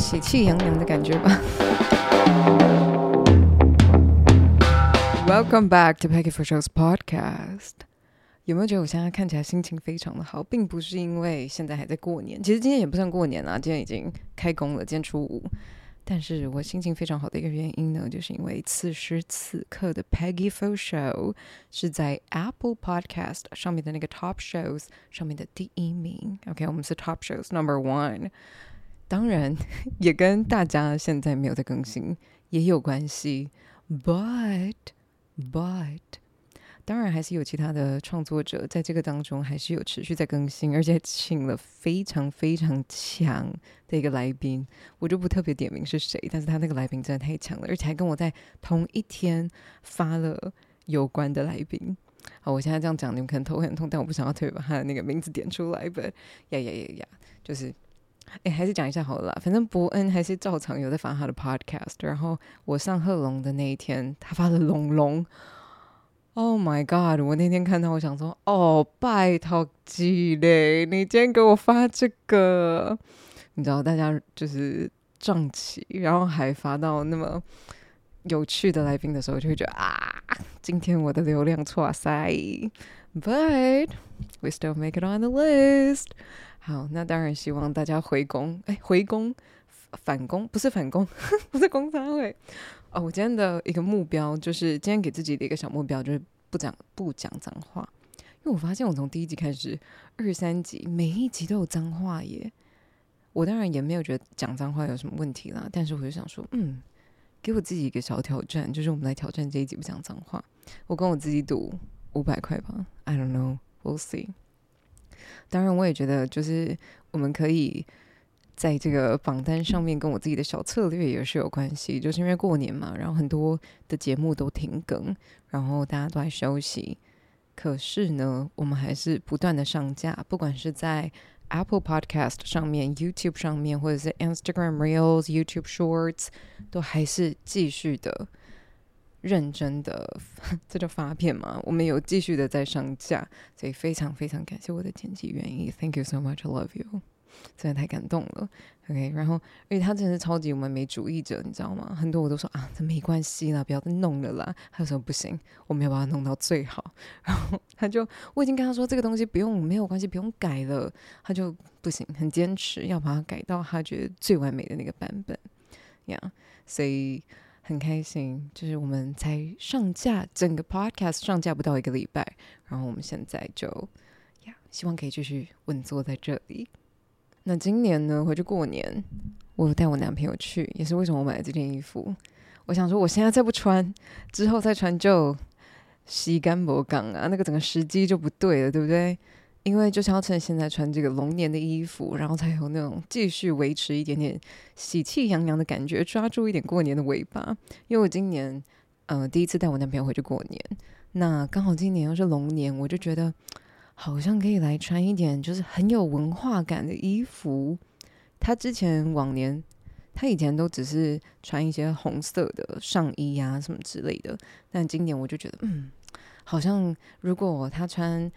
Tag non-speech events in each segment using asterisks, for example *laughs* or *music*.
喜氣洋洋的感覺吧。Welcome back to Peggy for Show's Podcast。有沒有覺得我現在看起來心情非常的好，並不是因為現在還在過年，其實今天也不算過年啊，今天已經開工了，今天初五。但是我心情非常好的一個原因呢，就是因為此時此刻的 Peggy for Show 是在 Apple Podcast 上面的那個 Top Shows 上面的第一名。Okay，我們是 Top Shows Number One。當然也跟大家現在沒有在更新也有關係，but but 當然還是有其他的創作者在這個當中還是有持續在更新，而且請了非常非常強的一個來賓，我就不特別點名是誰，但是他那個來賓真的太強了，而且還跟我在同一天發了有關的來賓。好，我現在這樣講，你們可能頭很痛，但我不想要特別把他的那個名字點出來。But 呀呀呀呀，就是。哎，還是講一下好了啦。反正博恩還是照常有在發他的 podcast。然後我上賀瓏的那一天，他發了龍龍。Oh my god！我那天看到，我想說：“哦，oh，拜託，雞嘞，你今天給我發這個？”你知道，大家就是撞期，然後還發到那麼有趣的來賓的時候，就會覺得啊，今天我的流量錯塞。But we still make it on the list. 好，那當然希望大家回工，哎、欸，回工，反工，不是反工，不是工三會。哦，我今天的一個目標就是今天給自己的一個小目標，就是不講不講髒話，因為我發現我從第一集開始二三集每一集都有髒話耶。我當然也沒有覺得講髒話有什麼問題啦，但是我就想說，嗯，給我自己一個小挑戰，就是我們來挑戰這一集不講髒話。我跟我自己賭五百塊吧，I don't know，We'll see。當然，我也覺得就是我們可以在這個榜單上面，跟我自己的小策略也是有關係。就是因為過年嘛，然後很多的節目都停更，然後大家都在休息。可是呢，我們還是不斷的上架，不管是在 Apple Podcast 上面、YouTube 上面，或者是 Instagram Reels、YouTube Shorts，都還是繼續的。認真的，這叫發片嘛？我們有繼續的在上架，所以非常非常感謝我的剪輯袁義，Thank you so much, I love you，真的太感動了。OK，然後因為他真的是超級完美主義者，你知道嗎？很多我都說啊，這沒關係啦，不要再弄了啦，他說不行，我們要把它弄到最好。然後他就我已經跟他說這個東西不用，沒有關係，不用改了，他就不行，很堅持要把它改到他覺得最完美的那個版本。Yeah，所以。很開心，就是我們才上架，整個 podcast 上架不到一個禮拜，然後我們現在就呀，希望可以繼續穩坐在這裡。那今年呢，回去過年，我有帶我男朋友去，也是為什麼我買了這件衣服。我想說，我現在再不穿，之後再穿就西甘博港啊，那個整個時機就不對了，對不對？因為就是要趁現在穿這個龍年的衣服，然後才有那種繼續維持一點點喜氣洋洋的感覺，抓住一點過年的尾巴。因為我今年嗯、呃、第一次帶我男朋友回去過年，那剛好今年又是龍年，我就覺得好像可以來穿一點就是很有文化感的衣服。他之前往年他以前都只是穿一些紅色的上衣呀、啊、什麼之類的，但今年我就覺得嗯，好像如果他穿。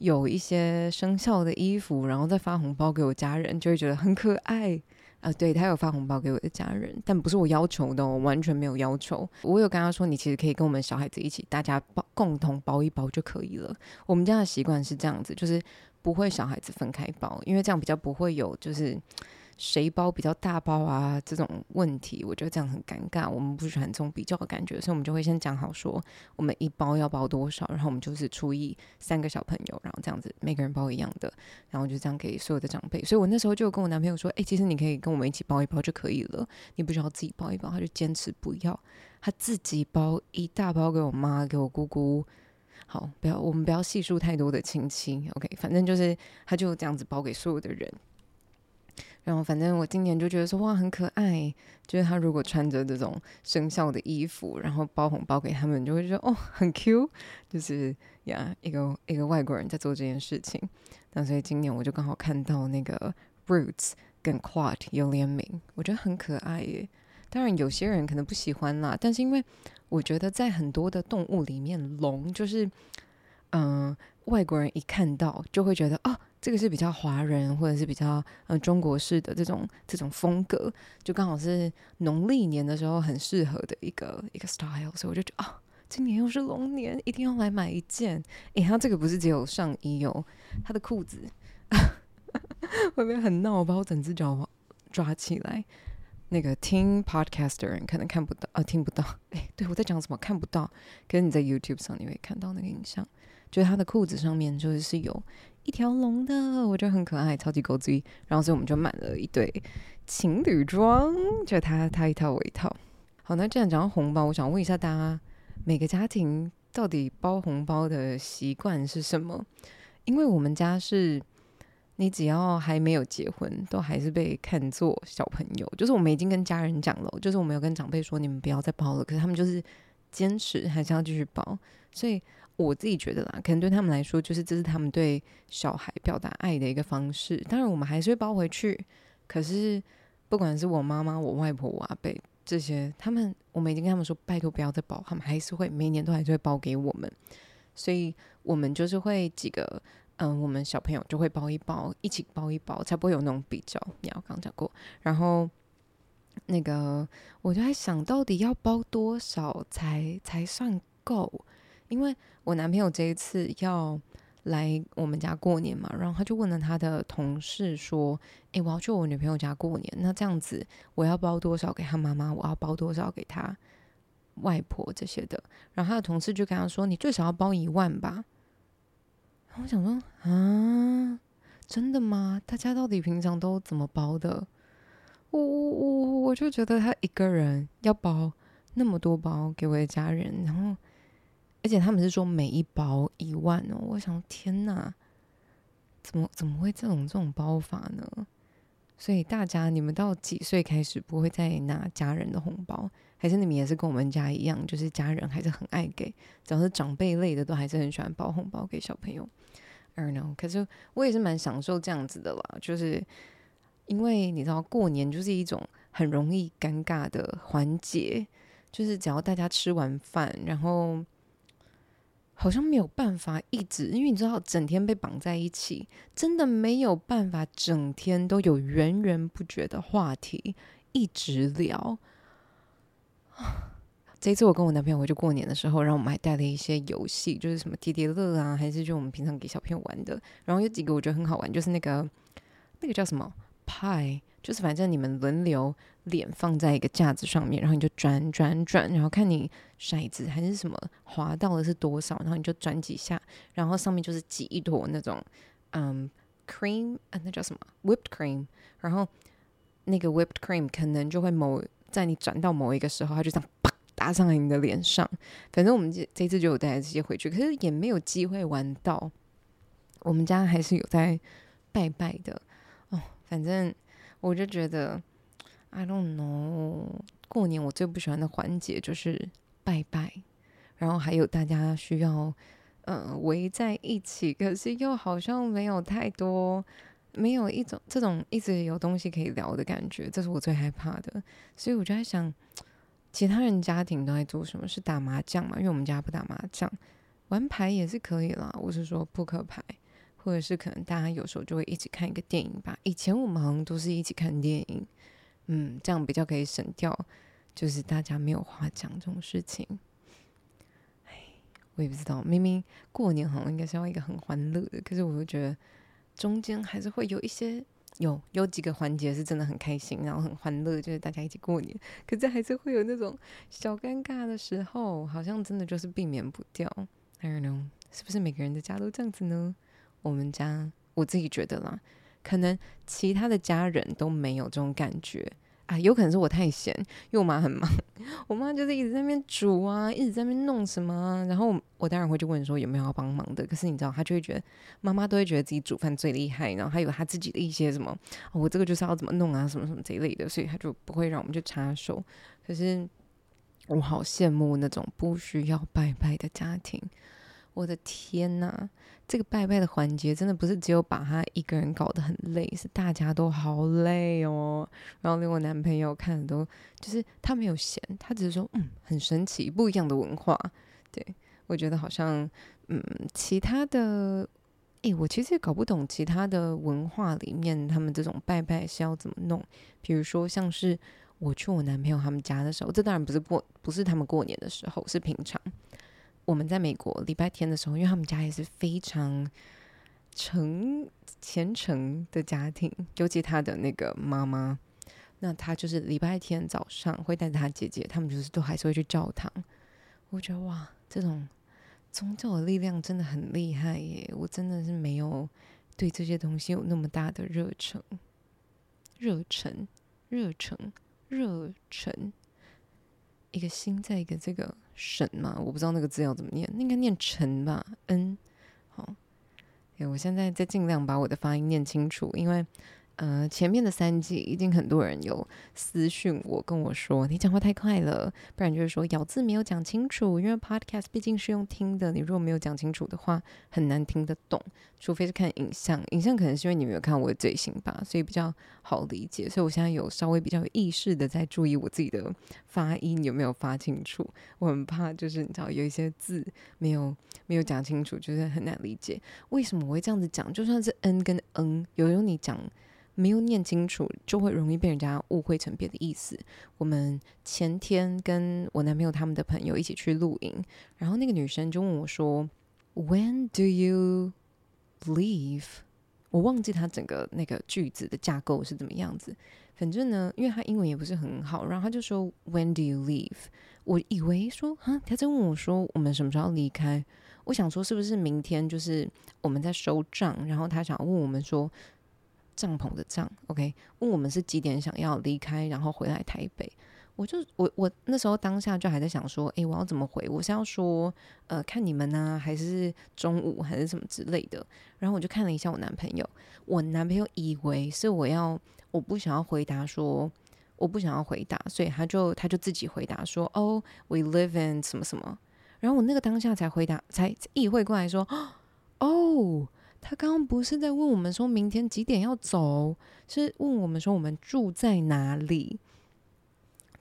有一些生肖的衣服，然後再發紅包給我家人，就會覺得很可愛啊。對，他有發紅包給我的家人，但不是我要求的，我完全沒有要求。我有跟他說，你其實可以跟我們小孩子一起，大家包共同包一包就可以了。我們家的習慣是這樣子，就是不會小孩子分開包，因為這樣比較不會有，就是。誰包比較大包啊？這種問題，我覺得這樣很尷尬。我們不喜歡這種比較的感覺，所以我們就會先講好，說我們一包要包多少，然後我們就是除以三個小朋友，然後這樣子每個人包一樣的，然後就這樣給所有的長輩。所以我那時候就跟我男朋友說：“哎，其實你可以跟我們一起包一包就可以了，你不需要自己包一包。”他就堅持不要，他自己包一大包給我媽、給我姑姑。好，不要我們不要細數太多的親戚。OK，反正就是他就這樣子包給所有的人。然後反正我今年就覺得說哇，很可愛，就是他如果穿着這種生肖的衣服，然後包紅包給他們，就會覺得哦，很 Q，就是呀、yeah, 一個一個外國人在做這件事情。那所以今年我就剛好看到那個 Roots 跟 Quart 有聯名，我覺得很可愛耶。當然有些人可能不喜歡啦，但是因為我覺得在很多的動物裡面，龍就是嗯、呃、外國人一看到就會覺得哦。這個是比較華人或者是比較呃中國式的這種這種風格，就剛好是農曆年的時候很適合的一個一個 style，所以我就覺得啊、哦，今年又是龍年，一定要來買一件。哎，它這個不是只有上衣有、哦，它的褲子會不會很鬧？我把我整隻腳抓，抓起來。那個聽 podcaster 你可能看不到啊，聽不到。哎，對我在講什麼看不到？可是你在 YouTube 上你會看到那個影像，就是他的褲子上面就是是有。一條龍的，我覺得很可愛，超級狗子。然後，所以我們就買了一對情侶裝，就他他一套，我一套。好，那這樣講到紅包，我想問一下大家，每個家庭到底包紅包的習慣是什麼？因為我們家是，你只要還沒有結婚，都還是被看作小朋友。就是我們已經跟家人講了，就是我沒有跟長輩說你們不要再包了，可是他們就是堅持還是要繼續包，所以。我自己覺得啦，可能對他們來說，就是這是他們對小孩表達愛的一個方式。當然，我們還是會包回去。可是，不管是我媽媽、我外婆、我阿伯這些，他們，我每天跟他們說，拜託不要再包，他們還是會每年都還是會包給我們。所以，我們就是會幾個，嗯，我們小朋友就會包一包，一起包一包，才不會有那種比較。你要剛講過，然後那個我就在想到底要包多少才才算夠。因為我男朋友這一次要來我們家過年嘛，然後他就問了他的同事說：“欸，我要去我女朋友家過年，那這樣子我要包多少給他媽媽？我要包多少給他外婆這些的？”然後他的同事就跟他說：“你最少要包一萬吧。”然後我想說：“啊，真的嗎？大家到底平常都怎麼包的？”我我我我就覺得他一個人要包那麼多包給我的家人，然後。而且他們是說每一包一萬哦，我想天哪，怎麼怎麼會這種這種包法呢？所以大家，你們到幾歲開始不會再拿家人的紅包？還是你們也是跟我們家一樣，就是家人還是很愛給，只要是長輩類的都還是很喜歡包紅包給小朋友。I don't know，可是我也是蠻享受這樣子的啦，就是因為你知道，過年就是一種很容易尷尬的環節，就是只要大家吃完飯，然後。好像沒有辦法一直，因為你知道，整天被綁在一起，真的沒有辦法整天都有源源不絕的話題一直聊。這一次我跟我男朋友回去過年的時候，然後我們還帶了一些遊戲，就是什麼疊疊樂啊，還是就我們平常給小朋友玩的。然後有幾個我覺得很好玩，就是那個那個叫什麼派。Pie 就是反正你們輪流臉放在一個架子上面，然後你就轉轉轉，然後看你骰子還是什麼滑到了是多少，然後你就轉幾下，然後上面就是擠一坨那種，嗯，cream 啊，那叫什麼 whipped cream，然後那個 whipped cream 可能就會某在你轉到某一個時候，它就這樣啪打上了你的臉上。反正我們這這次就有帶這些回去，可是也沒有機會玩到。我們家還是有在拜拜的哦，反正。我就覺得，I don't know，過年我最不喜歡的環節就是拜拜，然後還有大家需要，呃，圍在一起，可是又好像沒有太多，沒有一種這種一直有東西可以聊的感覺，這是我最害怕的。所以我就在想，其他人家庭都在做什麼？是打麻將嘛，因為我們家不打麻將，玩牌也是可以啦。我是說撲克牌。或者是可能大家有時候就會一起看一個電影吧。以前我們好像都是一起看電影，嗯，這樣比較可以省掉，就是大家沒有話講這種事情。唉，我也不知道，明明過年好像應該是要一個很歡樂的，可是我又覺得中間還是會有一些，有有幾個環節是真的很開心，然後很歡樂，就是大家一起過年。可是還是會有那種小尷尬的時候，好像真的就是避免不掉。I don't know，是不是每個人的家都這樣子呢？我們家我自己覺得啦，可能其他的家人都沒有這種感覺啊，有可能是我太閒，因為我媽很忙，我媽就是一直在那邊煮啊，一直在那邊弄什麼啊，然後我當然會去問說有沒有要幫忙的，可是你知道她就會覺得，媽媽都會覺得自己煮飯最厲害，然後還有她自己的一些什麼，哦，我這個就是要怎麼弄啊，什麼什麼這一類的，所以她就不會讓我們去插手。可是我好羨慕那種不需要拜拜的家庭，我的天哪！這個拜拜的環節真的不是只有把他一個人搞得很累，是大家都好累哦。然後連我男朋友看的都，就是他沒有嫌，他只是說，嗯，很神奇，不一樣的文化。對，我覺得好像，嗯，其他的，哎，我其實也搞不懂其他的文化裡面他們這種拜拜是要怎麼弄。比如說像是我去我男朋友他們家的時候，這當然不是過，不是他們過年的時候，是平常。我們在美國禮拜天的時候，因為他們家也是非常誠虔誠的家庭，尤其他的那個媽媽，那他就是禮拜天早上會帶着他姐姐，他們就是都還是會去教堂。我覺得哇，這種宗教的力量真的很厲害耶！我真的是沒有對這些東西有那麼大的熱忱。熱忱，熱忱，熱忱。一個心在一個這個省嘛，我不知道那個字要怎麼念，應該念陳吧？嗯，好，我現在在盡量把我的發音念清楚，因為。呃，前面的三集已經很多人有私訊我跟我說，你講話太快了，不然就是說咬字沒有講清楚。因為 Podcast 畢竟是用聽的,你如果沒有講清楚的話,很難聽得懂，除非是看影像。影像可能是因為你沒有看我的嘴型吧，所以比較好理解。所以我現在有稍微比較有意識的在注意我自己的發音有沒有發清楚。我很怕就是你知道有一些字沒有沒有講清楚，就是很難理解為什麼我會這樣子講。就算是 N 跟 N，有時候你講。沒有念清楚，就會容易被人家誤會成別的意思。我們前天跟我男朋友他們的朋友一起去露營，然後那個女生就問我說：“When do you leave？” 我忘記她整個那個句子的架構是怎麼樣子。反正呢，因為他英文也不是很好，然後他就說：“When do you leave？” 我以為說啊，他在問我說我們什麼時候要離開。我想說是不是明天就是我們在收帳，然後他想問我們說。帳篷的帳，OK？問我們是幾點想要離開，然後回來台北。我就我我那時候當下就還在想說，哎、欸，我要怎麼回？我是要說呃，看你們呢、啊，還是中午，還是什麼之類的。然後我就看了一下我男朋友，我男朋友以為是我要，我不想要回答說，說我不想要回答，所以他就他就自己回答說，哦、oh,，we live in 什麼什麼。然後我那個當下才回答，才意會過來說，哦、oh,。他剛剛不是在問我們說，明天幾點要走？是問我們說我們住在哪裡？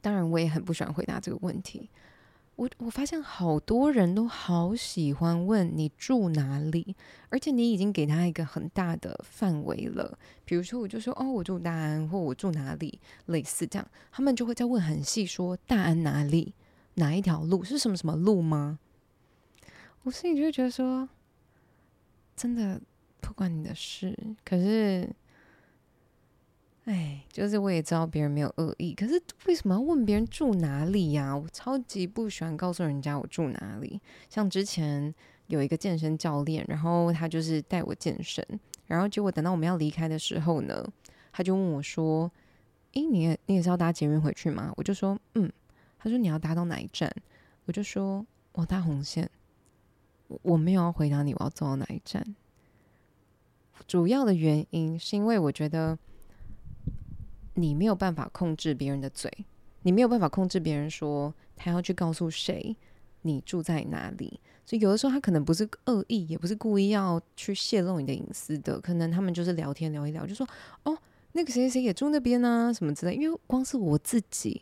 當然，我也很不喜歡回答這個問題。我我發現好多人都好喜歡問你住哪裡，而且你已經給他一個很大的範圍了。比如說，我就說哦，我住大安，或我住哪裡，類似這樣，他們就會再問很細，說大安哪裡，哪一條路是什麼什麼路嗎？我心裡就會覺得說，真的。不關你的事。可是，哎，就是我也知道別人沒有惡意，可是為什麼要問別人住哪裡呀，啊？我超級不喜歡告訴人家我住哪裡。像之前有一個健身教練，然後他就是帶我健身，然後結果等到我們要離開的時候呢，他就問我說：“誒、欸，你也你也是要搭捷運回去嗎？”我就說：“嗯。”他說：“你要搭到哪一站？”我就說：“我搭紅線。我”我我沒有要回答你，我要走到哪一站？主要的原因是因為我覺得你沒有辦法控制別人的嘴，你沒有辦法控制別人說他要去告訴誰你住在哪裡。所以有的時候他可能不是惡意，也不是故意要去洩露你的隱私的，可能他們就是聊天聊一聊，就說哦，那個誰誰誰也住那邊呢，什麼之類。因為光是我自己，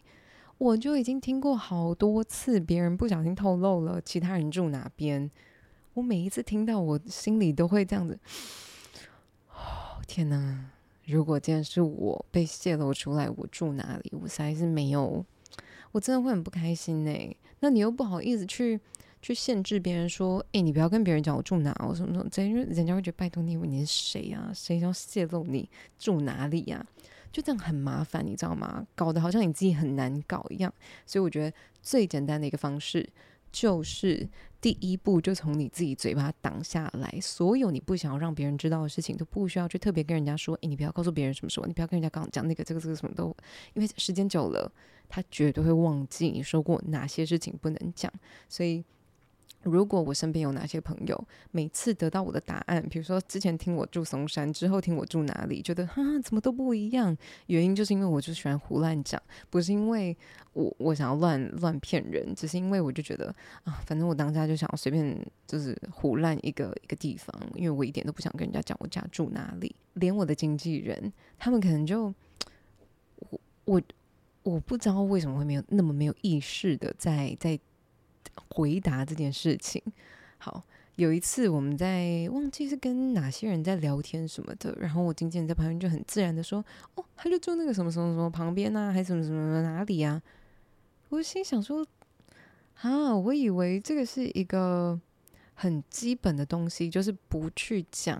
我就已經聽過好多次別人不小心透露了其他人住哪邊，我每一次聽到，我心裡都會這樣子。天哪！如果今天是我被洩露出來，我住哪裡，我實在是沒有，我真的會很不開心呢、欸。那你又不好意思去去限制別人，說，哎、欸，你不要跟別人講我住哪，我什麼什麼，因為人家會覺得，拜託，你以為你是誰啊？誰要洩露你住哪裡啊？就這樣很麻煩，你知道嗎？搞得好像你自己很難搞一樣。所以我覺得最簡單的一個方式就是。第一步就從你自己嘴巴擋下來，所有你不想要讓別人知道的事情，都不需要去特別跟人家說。哎，你不要告訴別人什麼什麼，你不要跟人家講講那個這個這個什麼都，因為時間久了，他絕對會忘記你說過哪些事情不能講，所以。如果我身邊有哪些朋友，每次得到我的答案，比如說之前聽我住松山，之後聽我住哪裡，覺得哈怎麼都不一樣，原因就是因為我就喜歡胡亂講，不是因為我我想要亂亂騙人，只是因為我就覺得啊，反正我當下就想要隨便就是胡亂一個一個地方，因為我一點都不想跟人家講我家住哪裡，連我的經紀人，他們可能就我我我不知道為什麼會沒有那麼沒有意識的在在。回答這件事情，好，有一次我們在忘記是跟哪些人在聊天什麼的，然後我經紀人在旁邊就很自然的說，哦，他就住那個什麼什麼什麼旁邊啊，還是什麼什麼哪裡啊？我心想說，啊，我以為這個是一個很基本的東西，就是不去講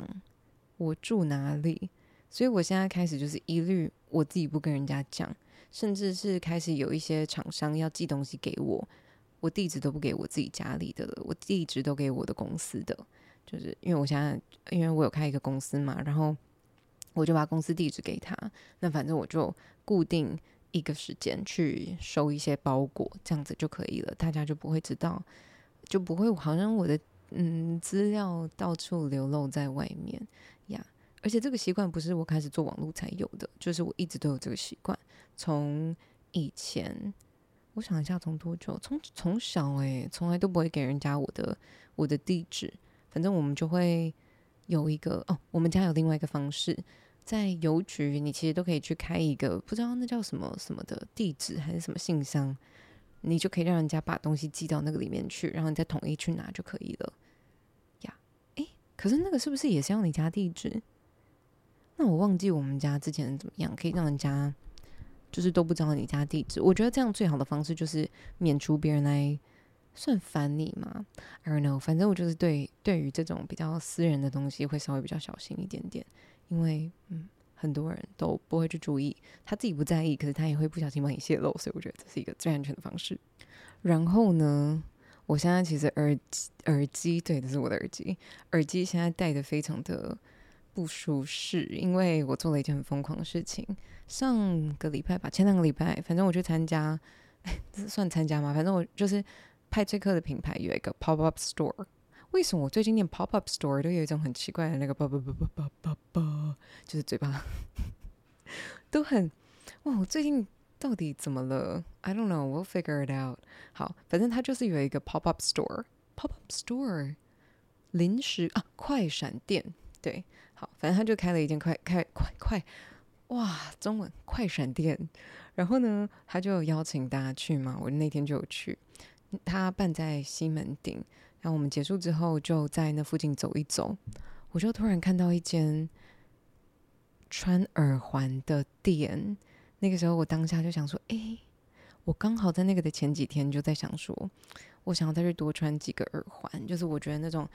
我住哪裡，所以我現在開始就是一律我自己不跟人家講，甚至是開始有一些廠商要寄東西給我。我地址都不給我自己家裡的了，我地址都給我的公司的，就是因為我現在因為我有開一個公司嘛，然後我就把公司地址給他，那反正我就固定一個時間去收一些包裹，這樣子就可以了，大家就不會知道，就不會好像我的嗯資料到處流露在外面呀，yeah. 而且這個習慣不是我開始做網絡才有的，就是我一直都有這個習慣，從以前。我想一下，從多久？從從小哎、欸，從來都不會給人家我的我的地址。反正我們就會有一個哦，我們家有另外一個方式，在郵局你其實都可以去開一個，不知道那叫什麼什麼的地址還是什麼信箱，你就可以讓人家把東西寄到那個裡面去，然後你再統一去拿就可以了。呀，誒，可是那個是不是也是要你家地址？那我忘記我們家之前怎麼樣可以讓人家。就是都不知道你家地址。我覺得這樣最好的方式就是免除別人來算煩你嘛。I don't know，反正我就是對對於這種比較私人的東西會稍微比較小心一點點，因為嗯很多人都不會去注意，他自己不在意，可是他也會不小心幫你泄露，所以我覺得這是一個最安全的方式。然後呢，我現在其實耳機、耳機對，這是我的耳機，耳機現在戴得非常的不舒適，因為我做了一件很瘋狂的事情。上個禮拜吧，前兩個禮拜，反正我去參加，哎，這算參加嗎？反正我就是派翠克的品牌有一個 pop up store。為什麼我最近念 pop up store 都有一種很奇怪的那個叭叭叭叭叭叭，就是嘴巴 *laughs* 都很哇？我最近到底怎麼了？I don't know，we'll figure it out。好，反正它就是有一個 pop up store，pop up store 臨時啊，啊，快閃店，對。好，反正他就開了一間快開快快哇中文快閃店，然後呢，他就邀請大家去嘛。我那天就有去，他辦在西門町。然後我們結束之後，就在那附近走一走，我就突然看到一間穿耳環的店。那個時候，我當下就想說：“哎、欸，我剛好在那個的前幾天就在想說，我想要再去多穿幾個耳環，就是我覺得那種。”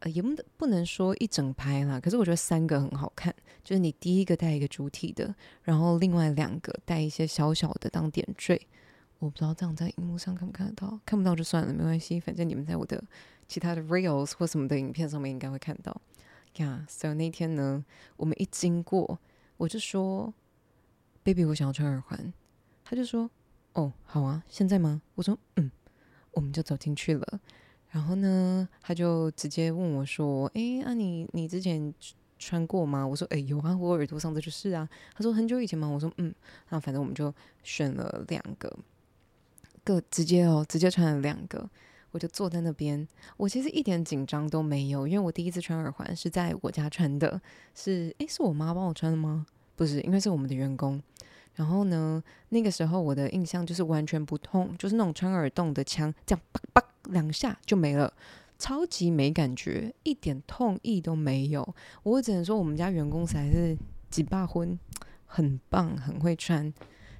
呃，也不能不能說一整排啦，可是我覺得三個很好看，就是你第一個帶一個主體的，然後另外兩個帶一些小小的當點綴。我不知道這樣在熒幕上看不看得到，看不到就算了，沒關係，反正你們在我的其他的 reels 或什麼的影片上面應該會看到。呀，所以那天呢，我們一經過，我就說，baby，我想要穿耳環，他就說，哦，好啊，現在嗎？我說，嗯，我們就走進去了。然後呢，他就直接問我說：“哎，那、啊、你你之前穿過嗎？”我說：“哎，有啊，我耳朵上次就是啊。”他說：“很久以前嘛？”我說：“嗯。”那反正我們就選了兩個，各直接哦，直接穿了兩個。我就坐在那邊，我其實一點緊張都沒有，因為我第一次穿耳環是在我家穿的，是哎，是我媽幫我穿的嗎？不是，因為是我們的員工。然後呢，那個時候我的印象就是完全不痛，就是那種穿耳洞的槍這樣叭叭。啪啪兩下就沒了，超級沒感覺，一點痛意都沒有。我只能說，我們家員工才是幾把婚，很棒，很會穿。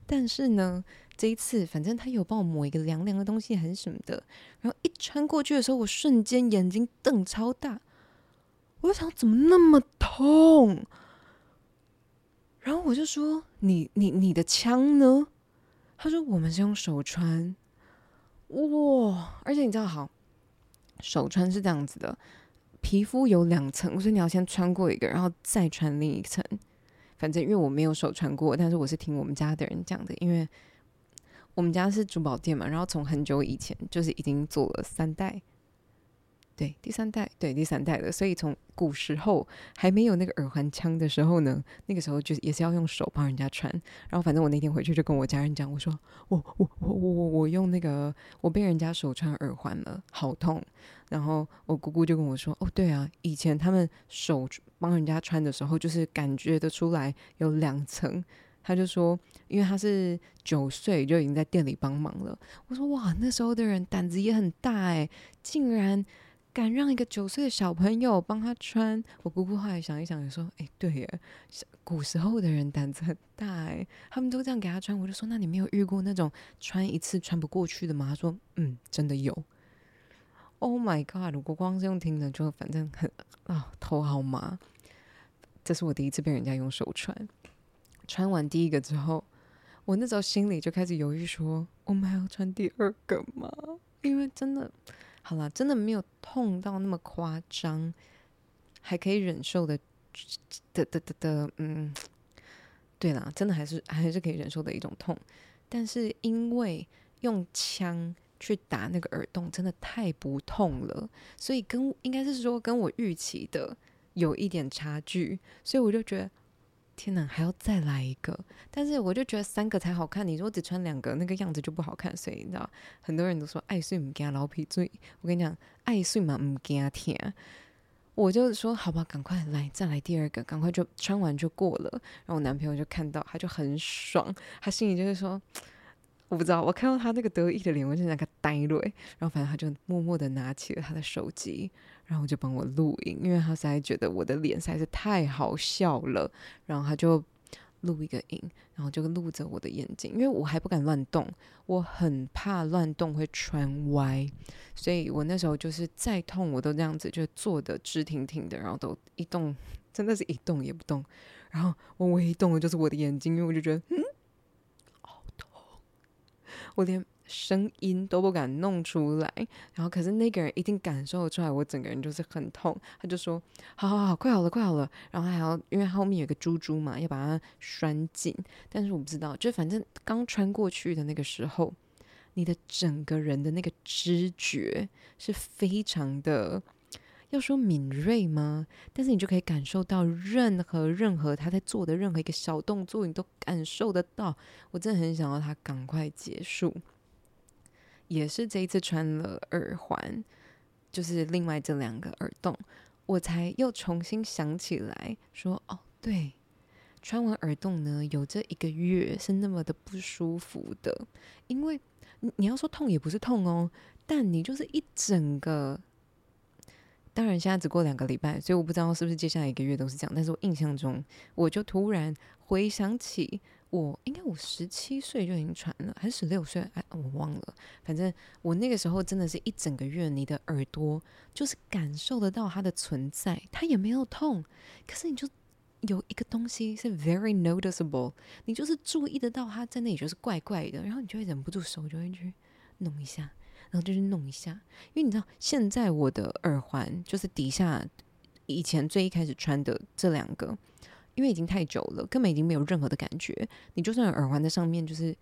但是呢，這一次反正他有幫我抹一個涼涼的東西，很什麼的。然後一穿過去的時候，我瞬間眼睛瞪超大，我想怎麼那麼痛？然後我就說：“你你你的槍呢？”他說：“我們是用手穿。”哇、哦，而且你知道好，好手穿是這樣子的，皮膚有兩層，所以你要先穿過一個，然後再穿另一層。反正因為我沒有手穿過，但是我是聽我們家的人講的，因為我們家是珠寶店嘛，然後從很久以前就是已經做了三代。對第三代，對第三代的，所以從古時候還沒有那個耳環槍的時候呢，那個時候就是也是要用手幫人家穿。然後反正我那天回去就跟我家人講，我說我我我我我用那個我被人家手穿耳環了，好痛。然後我姑姑就跟我說，哦，對啊，以前他們手幫人家穿的時候，就是感覺得出來有兩層。他就說，因為他是九歲就已經在店裡幫忙了。我說哇，那時候的人膽子也很大誒、欸，竟然。敢讓一個九歲的小朋友幫他穿？我姑姑後來想一想，也說：“哎、欸，對呀，古時候的人膽子很大，他們都這樣給他穿。”我就說：“那你沒有遇過那種穿一次穿不過去的嗎？”他說：“嗯，真的有。”Oh my god！如果光是用聽的，就反正很啊，頭好麻。這是我第一次被人家用手穿。穿完第一個之後，我那時候心裡就開始猶豫，說：“我們還要穿第二個嗎？因為真的。好了，真的沒有痛到那麼誇張，還可以忍受的，的的的的，嗯，對啦，真的還是還是可以忍受的一種痛，但是因為用槍去打那個耳洞，真的太不痛了，所以跟應該是說跟我預期的有一點差距，所以我就覺得。天哪，還要再來一個！但是我就覺得三個才好看。你說只穿兩個，那個樣子就不好看。所以你知道，很多人都說愛水毋驚流鼻水。我跟你講，愛水嘛毋驚痛。我就說好吧，趕快來，再來第二個，趕快就穿完就過了。然後我男朋友就看到，他就很爽，他心裡就是說，我不知道。我看到他那個得意的臉，我就那個呆了。然後反正他就默默的拿起了他的手機。然後就幫我錄音，因為他實在覺得我的臉實在是太好笑了，然後他就錄一個音，然後就錄着我的眼睛，因為我還不敢亂動，我很怕亂動會穿歪，所以我那時候就是再痛我都這樣子，就坐得直挺挺的，然後都一動，真的是一動也不動。然後我唯一動的就是我的眼睛，因為我就覺得嗯，好痛，我連。聲音都不敢弄出來，然後可是那個人一定感受得出來，我整個人就是很痛。他就說：“好好好，快好了，快好了。”然後還要因為後面有個珠珠嘛，要把它拴緊。但是我不知道，就反正剛穿過去的那個時候，你的整個人的那個知覺是非常的，要說敏銳嗎？但是你就可以感受到任何任何他在做的任何一個小動作，你都感受得到。我真的很想要他趕快結束。也是這一次穿了耳環，就是另外這兩個耳洞，我才又重新想起來說，哦，對，穿完耳洞呢，有這一個月是那麼的不舒服的，因為你，你要說痛也不是痛哦，但你就是一整個，當然現在只過兩個禮拜，所以我不知道是不是接下來一個月都是這樣，但是我印象中，我就突然回想起。我應該我十七歲就已經穿了，還是十六歲？哎、啊，我忘了。反正我那個時候真的是一整個月，你的耳朵就是感受得到它的存在，它也沒有痛，可是你就有一個東西是 very noticeable，你就是注意得到它在那裡，就是怪怪的，然後你就會忍不住手就會去弄一下，然後就去弄一下，因為你知道現在我的耳環就是底下以前最一開始穿的這兩個。因為已經太久了，根本已經沒有任何的感覺。你就算耳環在上面，就是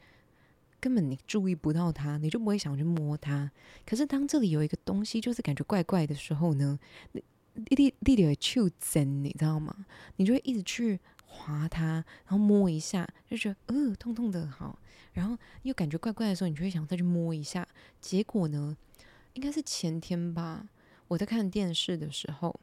根本你注意不到它，你就不會想去摸它。可是當這裡有一個東西，就是感覺怪怪的時候呢，你你你就真，你知道嗎？你就會一直去劃它，然後摸一下，就覺得嗯、呃，痛痛的，好。然後又感覺怪怪的時候，你就會想再去摸一下。結果呢，應該是前天吧，我在看電視的時候，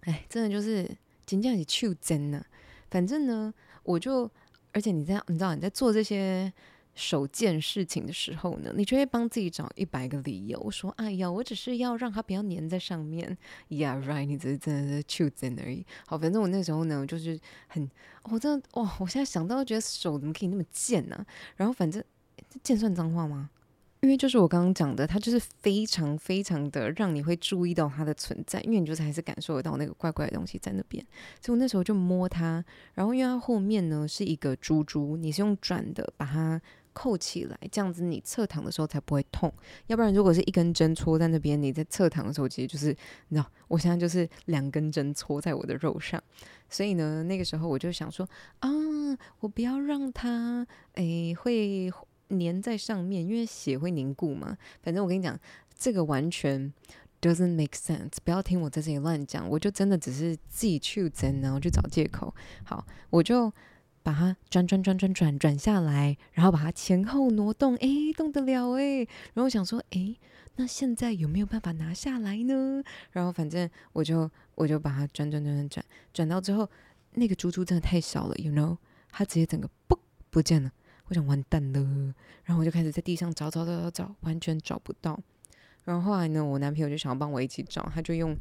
哎，真的就是。真正是去賤的反正呢，我就，而且你在，你知道、啊、你在做這些手賤事情的時候呢，你就會幫自己找一百個理由我說：“哎呀，我只是要讓它不要粘在上面。” Yeah, right，你只是真的是去賤而已。好，反正我那時候呢，我就是很，我真的哇，我現在想到都覺得手怎麼可以那麼賤呢、啊？然後反正，這賤算髒話嗎？因為就是我剛剛講的，它就是非常非常的讓你會注意到它的存在，因為你就是還是感受得到那個怪怪的東西在那邊。所以我那時候就摸它，然後因為它後面呢是一個珠珠，你是用轉的把它扣起來，這樣子你側躺的時候才不會痛。要不然如果是一根針戳在那邊，你在側躺的時候其實就是你知道，我現在就是兩根針戳在我的肉上。所以呢，那個時候我就想說啊，我不要讓它誒、哎、會。粘在上面，因為血會凝固嘛。反正我跟你講，這個完全 doesn't make sense。不要聽我在這裡亂講，我就真的只是自己去整然後就找借口。好，我就把它轉轉轉轉轉轉下來，然後把它前後挪動，哎、欸，動得了哎、欸。然後我想說，哎、欸，那現在有沒有辦法拿下來呢？然後反正我就我就把它轉轉轉轉轉轉到之後，那個珠珠真的太小了，you know，它直接整個嘣不見了。我想完蛋了，然後我就開始在地上找找找找找，完全找不到。然後後來呢，我男朋友就想要幫我一起找，他就用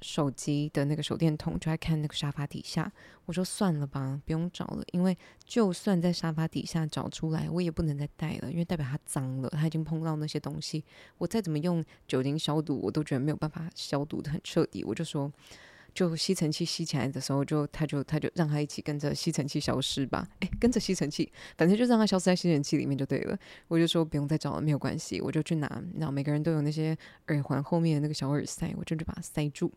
手機的那個手電筒就在看那個沙發底下。我說算了吧，不用找了，因為就算在沙發底下找出來，我也不能再帶了，因為代表它髒了，它已經碰到那些東西。我再怎麼用酒精消毒，我都覺得沒有辦法消毒得很徹底。我就說。就吸塵器吸起來的時候，就他就他就讓他一起跟着吸塵器消失吧。哎、欸，跟着吸塵器，反正就讓它消失在吸塵器裡面就對了。我就說不用再找了，沒有關係。我就去拿，然後每個人都有那些耳環後面的那個小耳塞，我就去把它塞住。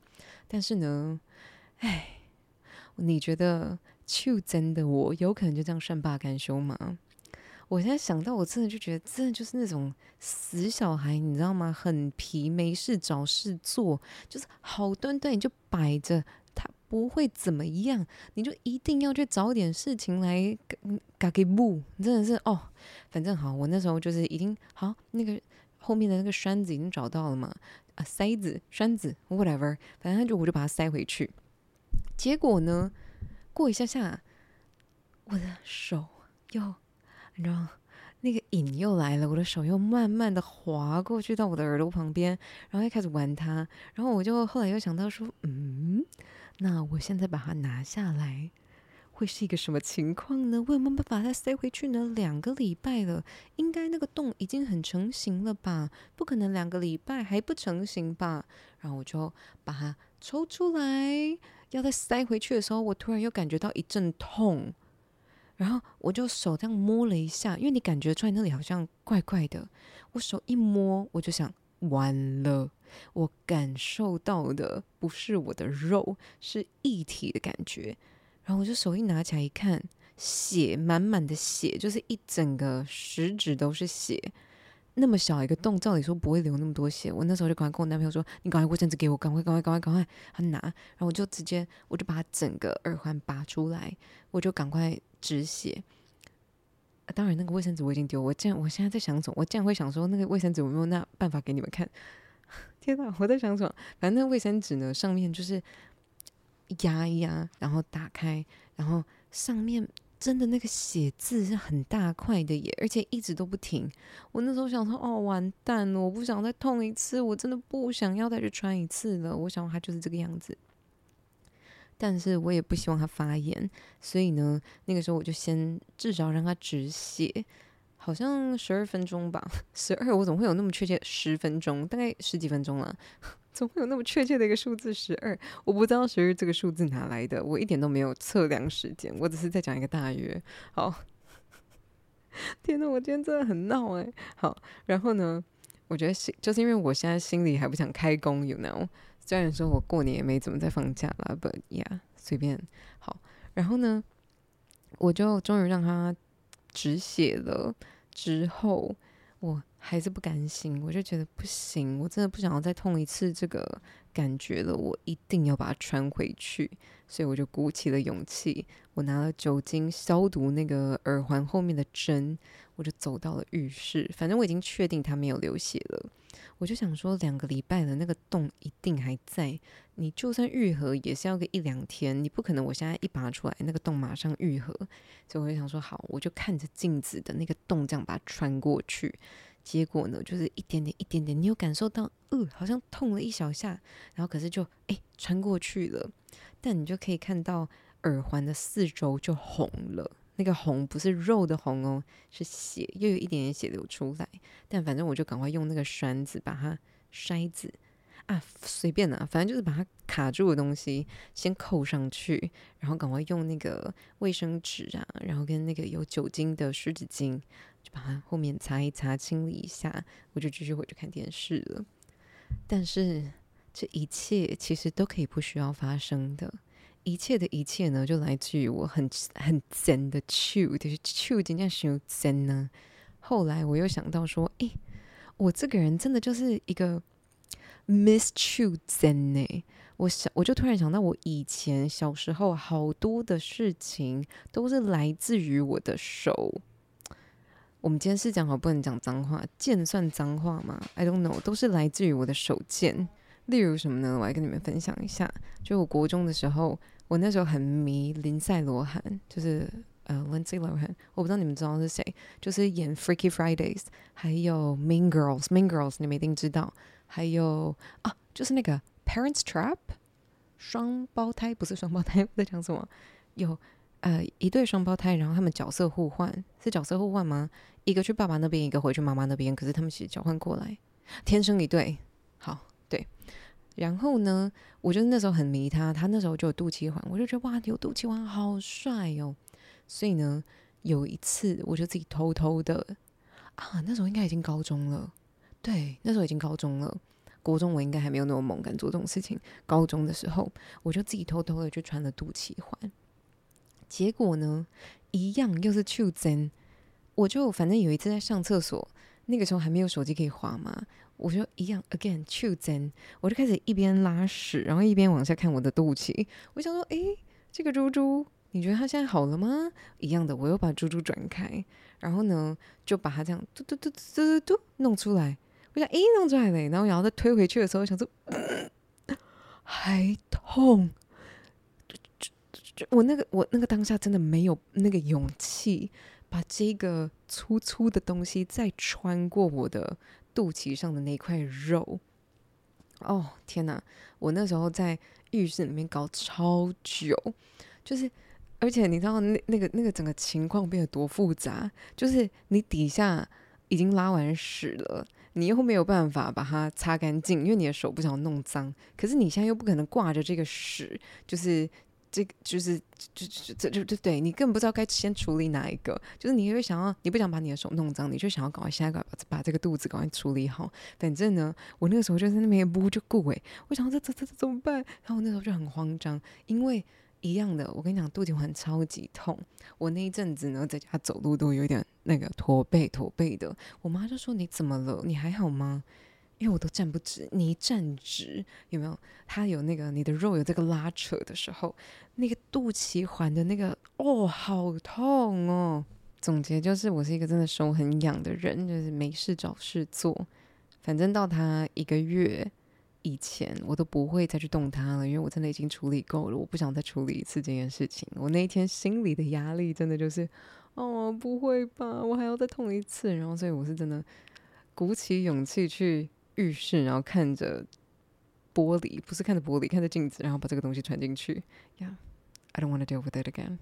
但是呢，哎，你覺得就真的我有可能就這樣善罷甘休嗎？我現在想到，我真的就覺得，真的就是那種死小孩，你知道嗎？很皮，沒事找事做，就是好端端你就擺着，他不會怎麼樣，你就一定要去找點事情來搞搞舞。真的是哦，反正好，我那時候就是已經好，那個後面的那個栓子已經找到了嘛，啊塞子、栓子，whatever，反正就我就把它塞回去。結果呢，過一下下，我的手又。然後那個癮又來了，我的手又慢慢的滑過去到我的耳朵旁邊，然後又開始玩它。然後我就後來又想到說，嗯，那我現在把它拿下來，會是一個什麼情況呢？我有沒有辦法把它塞回去呢？兩個禮拜了，應該那個洞已經很成型了吧？不可能兩個禮拜還不成型吧？然後我就把它抽出來，要再塞回去的時候，我突然又感覺到一陣痛。然後我就手這樣摸了一下，因為你感覺出來那裡好像怪怪的。我手一摸，我就想完了，我感受到的不是我的肉，是液體的感覺。然後我就手一拿起來一看，血滿滿的血，就是一整個食指都是血。那麼小一個洞，照理說不會流那麼多血。我那時候就趕快跟我男朋友說：“你趕快衛生紙給我，趕快，趕快，趕快，趕快。”他拿，然後我就直接我就把整個耳環拔出來，我就趕快止血。啊、當然，那個衛生紙我已經丟。我竟然我現在在想什麼？我竟然會想說那個衛生紙有沒有那辦法給你們看？天吶、啊，我在想什麼？反正那個衛生紙呢，上面就是壓一壓，然後打開，然後上面。真的那個血漬是很大塊的耶，而且一直都不停。我那時候想說，哦，完蛋了，我不想再痛一次，我真的不想要再去穿一次了。我想它就是這個樣子，但是我也不希望它發炎，所以呢，那個時候我就先至少讓它止血，好像十二分鐘吧，十二，我怎麼會有那麼確切？十分鐘，大概十幾分鐘了。總會有那麼確切的一個數字十二，我不知道十二這個數字哪來的，我一點都沒有測量時間，我只是在講一個大約。好， *laughs* 天吶，我今天真的很鬧哎、欸。好，然後呢，我覺得是就是因為我現在心裡還不想開工，you know。雖然說我過年也沒怎麼在放假啦，but yeah，隨便。好，然後呢，我就終於讓他止血了之後。我還是不甘心，我就覺得不行，我真的不想要再痛一次這個感覺了。我一定要把它穿回去，所以我就鼓起了勇氣，我拿了酒精消毒那個耳環後面的針，我就走到了浴室。反正我已經確定它沒有流血了，我就想說兩個禮拜的那個洞一定還在。你就算愈合也是要個一兩天，你不可能我現在一拔出來那個洞馬上愈合，所以我就想說好，我就看着鏡子的那個洞這樣把它穿過去。結果呢，就是一點點一點點，你有感受到，呃，好像痛了一小下，然後可是就哎穿過去了，但你就可以看到耳環的四周就紅了，那個紅不是肉的紅哦，是血，又有一點點血流出來，但反正我就趕快用那個栓子把它塞住。啊，隨便啦、啊，反正就是把它卡住的東西先扣上去，然後趕快用那個衛生紙啊，然後跟那個有酒精的濕紙巾，就把它後面擦一擦，清理一下，我就繼續回去看電視了。但是這一切其實都可以不需要發生的，一切的一切呢，就來自於我很很 zen 的 choose，就是 choose 真的太 zen 了呢？後來我又想到說，哎，我這個人真的就是一個。Miss Chu Zen 呢？我想，我就突然想到，我以前小時候好多的事情，都是來自於我的手。我們今天是講好不能講髒話，賤算髒話嗎？I don't know，都是來自於我的手賤。例如什麼呢？我來跟你們分享一下，就我國中的時候，我那時候很迷林賽羅韓，就是呃，Lindsay Lohan，我不知道你們知道是誰，就是演《Freaky Fridays》還有《Mean Girls》，《Mean Girls》你們一定知道。還有啊，就是那個《Parents Trap》，雙胞胎不是雙胞胎我在講什麼？有呃一對雙胞胎，然後他們角色互換，是角色互換嗎？一個去爸爸那邊，一個回去媽媽那邊，可是他們其實交換過來，天生一對。好，對。然後呢，我就那時候很迷他，他那時候就有肚臍環，我就覺得哇，有肚臍環好帥喔。所以呢，有一次我就自己偷偷的啊，那時候應該已經高中了。對，那時候已經高中了，國中我應該還沒有那麼猛，敢做這種事情。高中的時候，我就自己偷偷的去穿了肚臍環，結果呢，一樣又是手賤，我就反正有一次在上廁所，那個時候還沒有手機可以滑嘛，我就一樣 again 手賤，我就開始一邊拉屎，然後一邊往下看我的肚臍。我想說，哎、欸，這個豬豬，你覺得它現在好了嗎？一樣的，我又把豬豬轉開，然後呢，就把它這樣嘟嘟嘟嘟嘟嘟弄出來。我想，哎，弄出來嘞！然後，然後再推回去的時候，我想說，嗯，還痛。就就就我那個我那個當下，真的沒有那個勇氣把這個粗粗的東西再穿過我的肚臍上的那塊肉。哦，天吶，我那時候在浴室裡面搞超久，就是，而且你知道那那個那個整個情況變得多複雜？就是你底下已經拉完屎了。你又沒有辦法把它擦乾淨，因為你的手不想弄髒。可是你現在又不可能掛着這個屎，就是這就是，就就就就對對，你更不知道該先處理哪一個。就是你也會想要，你不想把你的手弄髒，你就想要趕快現在把把，把這個肚子趕快處理好。反正呢，我那個時候就在那邊不顧就過誒，我想說這這這怎麼辦？然後我那時候就很慌張，因為一樣的，我跟你講，肚子很超級痛。我那一陣子呢，在家走路都有點。那個駝背、駝背的，我媽就說：“你怎麼了？你還好嗎？”因為我都站不直。你一站直有沒有？她有那個你的肉有這個拉扯的時候，那個肚臍環的那個哦，好痛哦！總結就是，我是一個真的手很癢的人，就是沒事找事做。反正到她一個月以前，我都不會再去動它了，因為我真的已經處理夠了，我不想再處理一次這件事情。我那一天心裡的壓力，真的就是。哦，不會吧，我還要再痛一次，然後所以我是真的鼓起勇氣去浴室，然後看着玻璃，不是看着玻璃，看着鏡子，然後把這個東西穿進去。Yeah，I don't want to deal with it again。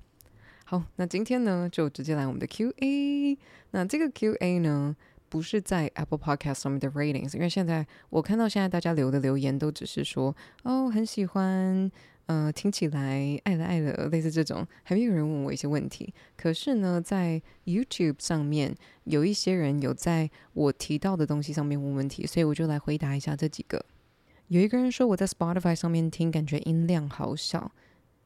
好，那今天呢就直接來我們的 Q&A。那這個 Q&A 呢不是在 Apple Podcast 上面的 ratings，因為現在我看到現在大家留的留言都只是說哦很喜歡。呃，聽起來，愛了愛了，類似這種，還沒有人問我一些問題。可是呢，在 YouTube 上面有一些人有在我提到的東西上面問問題，所以我就來回答一下這幾個。有一個人說，我在 Spotify 上面聽，感覺音量好小，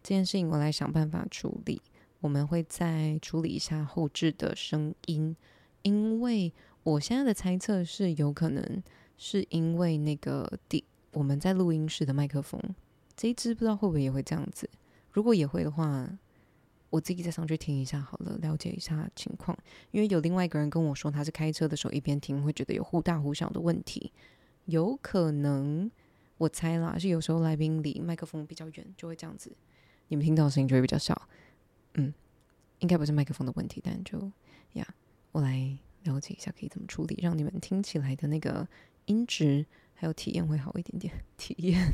這件事情我來想辦法處理。我們會再處理一下後製的聲音，因為我現在的猜測是有可能是因為那個第我們在錄音室的麥克風。這一支不知道會不會也會這樣子，如果也會的話，我自己再上去聽一下好了，了解一下情況。因為有另外一個人跟我說，他是開車的時候一邊聽，會覺得有忽大忽小的問題。有可能我猜啦，是有時候來賓離麥克風比較遠，就會這樣子，你們聽到的聲音就會比較小。嗯，應該不是麥克風的問題，但就呀，我來了解一下可以怎麼處理，讓你們聽起來的那個音質還有體驗會好一點點。體驗。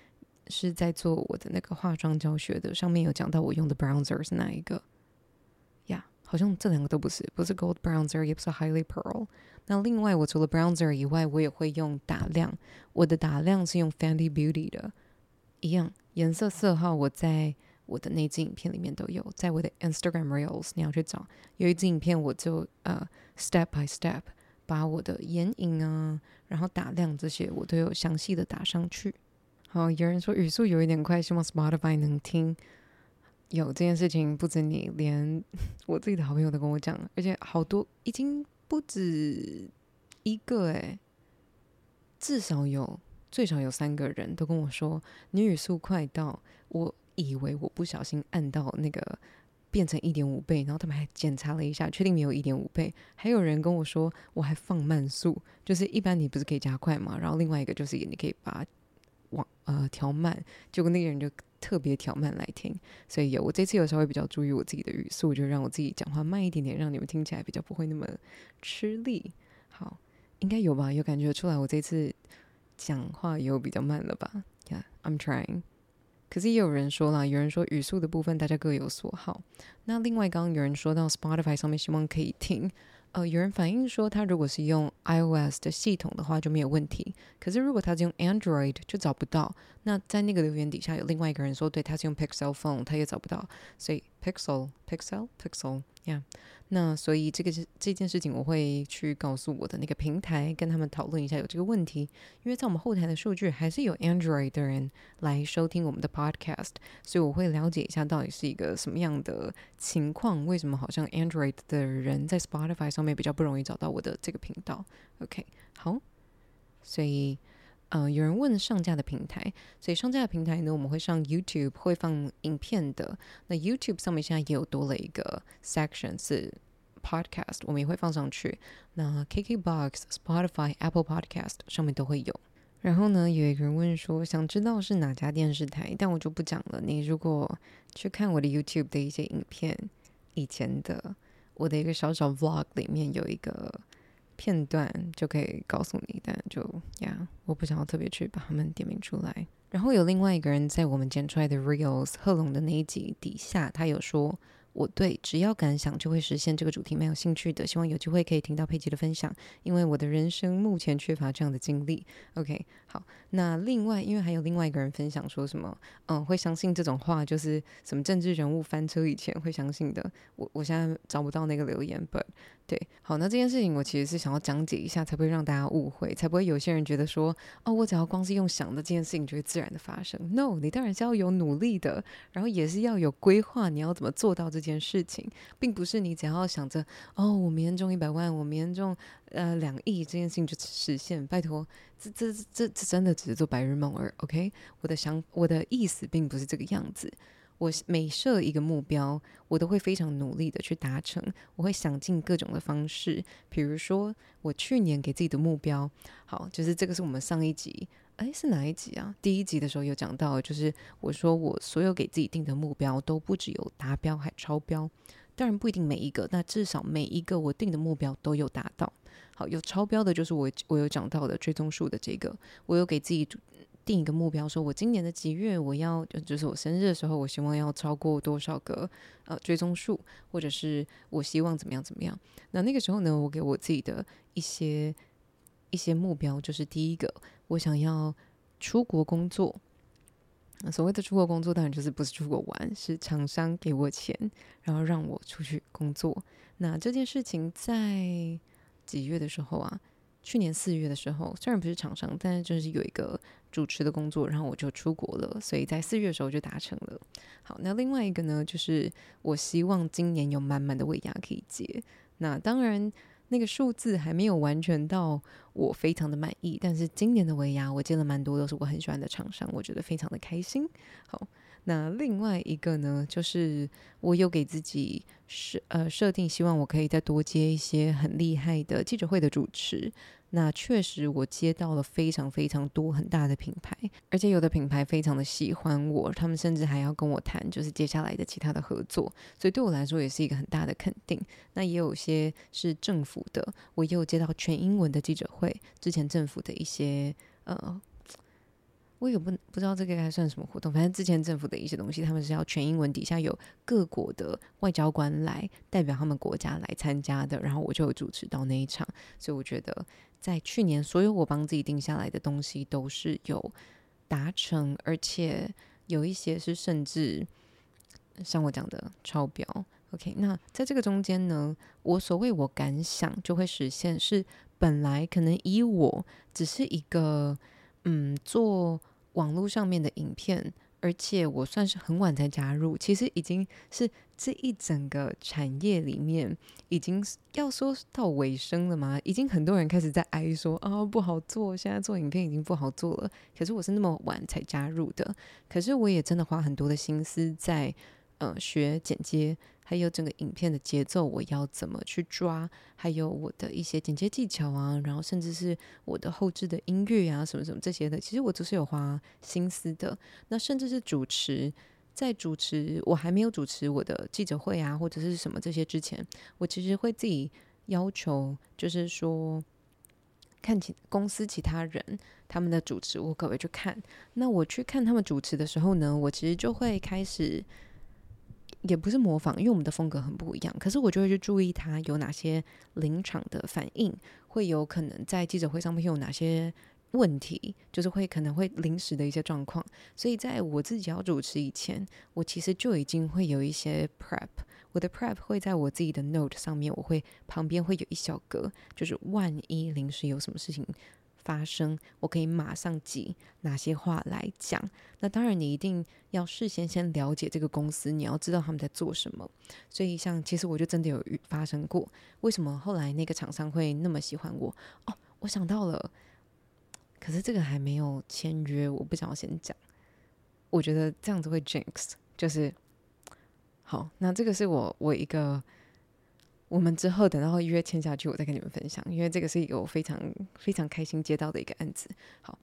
是在做我的那個化妝教學的，上面有講到我用的 bronzer 是哪一個呀？Yeah, 好像這兩個都不是，不是 gold bronzer，也不是 highly pearl。那另外，我除了 bronzer 以外，我也會用打亮。我的打亮是用 Fenty Beauty 的，一樣顏色色號，我在我的那支影片裡面都有，在我的 Instagram reels 你要去找。有一支影片我就呃、uh, step by step 把我的眼影啊，然後打亮這些我都有詳細的打上去。好，有人說語速有一點快，希望 Spotify 能聽。有這件事情不止你，連我自己的好朋友都跟我講，而且好多已經不止一個哎、欸，至少有最少有三個人都跟我說，你語速快到我以為我不小心按到那個變成一點五倍，然後他們還檢查了一下，確定沒有一點五倍。還有人跟我說，我還放慢速，就是一般你不是可以加快嘛？然後另外一個就是你可以把。往、呃調慢，結果那個人就特別調慢來聽，所以有我這次有時候會比較注意我自己的語速，就讓我自己講話慢一點點，讓你們聽起來比較不會那麼吃力。好，應該有吧，有感覺出來我這次講話也有比較慢了吧？看，Yeah, I'm trying。可是也有人說啦，有人說語速的部分大家各有所好。那另外剛剛有人說到 Spotify 上面，希望可以聽。呃、哦，有人反映說，他如果是用 iOS 的系統的話就沒有問題，可是如果他是用 Android 就找不到。那在那個留言底下有另外一個人說，對，他是用 Pixel phone，他也找不到。所以 Pixel，Pixel，Pixel Pixel, Pixel。呀、yeah，那所以這個是這件事情，我會去告訴我的那個平台，跟他們討論一下有這個問題。因為在我們後台的數據，還是有 Android 的人來收聽我們的 Podcast，所以我會了解一下到底是一個什麼樣的情況，為什麼好像 Android 的人在 Spotify 上面比較不容易找到我的這個頻道。OK，好，所以。嗯、呃，有人問上架的平台，所以上架的平台呢，我們會上 YouTube 會放影片的。那 YouTube 上面現在也有多了一個 section 是 Podcast，我們也會放上去。那 KKBox、Spotify、Apple Podcast 上面都會有。然後呢，有一個人問說，想知道是哪家電視台，但我就不講了。你如果去看我的 YouTube 的一些影片，以前的我的一個小小 Vlog 裡面有一個。片段就可以告訴你，但就呀，yeah, 我不想要特別去把他們點名出來。然後有另外一個人在我們剪出來的 reels 賀龍的那一集底下，他有說我對只要敢想就會實現這個主題沒有興趣的，希望有機會可以聽到佩吉的分享，因為我的人生目前缺乏這樣的經歷。OK，好，那另外因為還有另外一個人分享說什麼，嗯，會相信這種話就是什麼政治人物翻車以前會相信的，我我現在找不到那個留言，but。對，好，那這件事情我其實是想要講解一下，才不會讓大家誤會，才不會有些人覺得說，哦，我只要光是用想的這件事情就會自然的發生。No，你當然是要有努力的，然後也是要有規劃，你要怎麼做到這件事情，並不是你只要想着，哦，我明天中一百萬，我明天中呃兩億，這件事情就實現。拜托，這這這這真的只是做白日夢而已。OK，我的想，我的意思並不是這個樣子。我每設一個目標，我都會非常努力的去達成。我會想盡各種的方式，比如說我去年給自己的目標，好，就是這個是我們上一集，哎、欸，是哪一集啊？第一集的時候有講到，就是我說我所有給自己定的目標都不只有達標，還超標。當然不一定每一個，那至少每一個我定的目標都有達到。好，有超標的就是我，我有講到的追蹤數的這個，我有給自己。定一個目標，說我今年的幾月我要，就是我生日的時候，我希望要超過多少個呃追蹤數，或者是我希望怎麼樣怎麼樣。那那個時候呢，我給我自己的一些一些目標，就是第一個，我想要出國工作。所謂的出國工作，當然就是不是出國玩，是廠商給我錢，然後讓我出去工作。那這件事情在幾月的時候啊？去年四月的時候，雖然不是廠商，但是就是有一個。主持的工作，然後我就出國了，所以在四月的時候就達成了。好，那另外一個呢，就是我希望今年有滿滿的尾牙可以接。那當然，那個數字還沒有完全到我非常的滿意，但是今年的尾牙我接了蠻多，都是我很喜歡的廠商，我覺得非常的開心。好，那另外一個呢，就是我有給自己設呃設定，希望我可以再多接一些很厲害的記者會的主持。那確實，我接到了非常非常多很大的品牌，而且有的品牌非常的喜歡我，他們甚至還要跟我談，就是接下來的其他的合作。所以對我來說也是一個很大的肯定。那也有些是政府的，我也有接到全英文的記者會。之前政府的一些呃，我也不不知道這個該算什麼活動，反正之前政府的一些東西，他們是要全英文，底下有各國的外交官來代表他們國家來參加的，然後我就主持到那一場。所以我覺得。在去年，所有我幫自己定下來的東西都是有達成，而且有一些是甚至像我講的超標。OK，那在這個中間呢，我所謂我敢想就會實現，是本來可能以我只是一個嗯做網絡上面的影片。而且我算是很晚才加入，其實已經是這一整個產業裡面，已經要說到尾聲了嘛？已經很多人開始在哀說啊、哦，不好做，現在做影片已經不好做了。可是我是那麼晚才加入的，可是我也真的花很多的心思在。呃，學剪接，還有整個影片的節奏，我要怎麼去抓？還有我的一些剪接技巧啊，然後甚至是我的後製的音樂啊，什麼什麼這些的，其實我都是有花心思的。那甚至是主持，在主持我還沒有主持我的記者會啊，或者是什麼這些之前，我其實會自己要求，就是說看起公司其他人他們的主持，我可不可以去看？那我去看他們主持的時候呢，我其實就會開始。也不是模仿，因為我們的風格很不一樣。可是我就會去注意他有哪些臨場的反應，會有可能在記者會上面有哪些問題，就是會可能會臨時的一些狀況。所以在我自己要主持以前，我其實就已經會有一些 prep。我的 prep 會在我自己的 note 上面，我會旁邊會有一小格，就是萬一臨時有什麼事情發生，我可以馬上記哪些話來講？那當然，你一定要事先先了解這個公司，你要知道他們在做什麼。所以，像其實我就真的有發生過，為什麼後來那個廠商會那麼喜歡我？哦，我想到了，可是這個還沒有簽約，我不想要先講。我覺得這樣子會 jinx，就是。好。那這個是我我一個。我們之後等到合約簽下去，我再跟你們分享，因為這個是一個我非常非常開心接到的一個案子。好，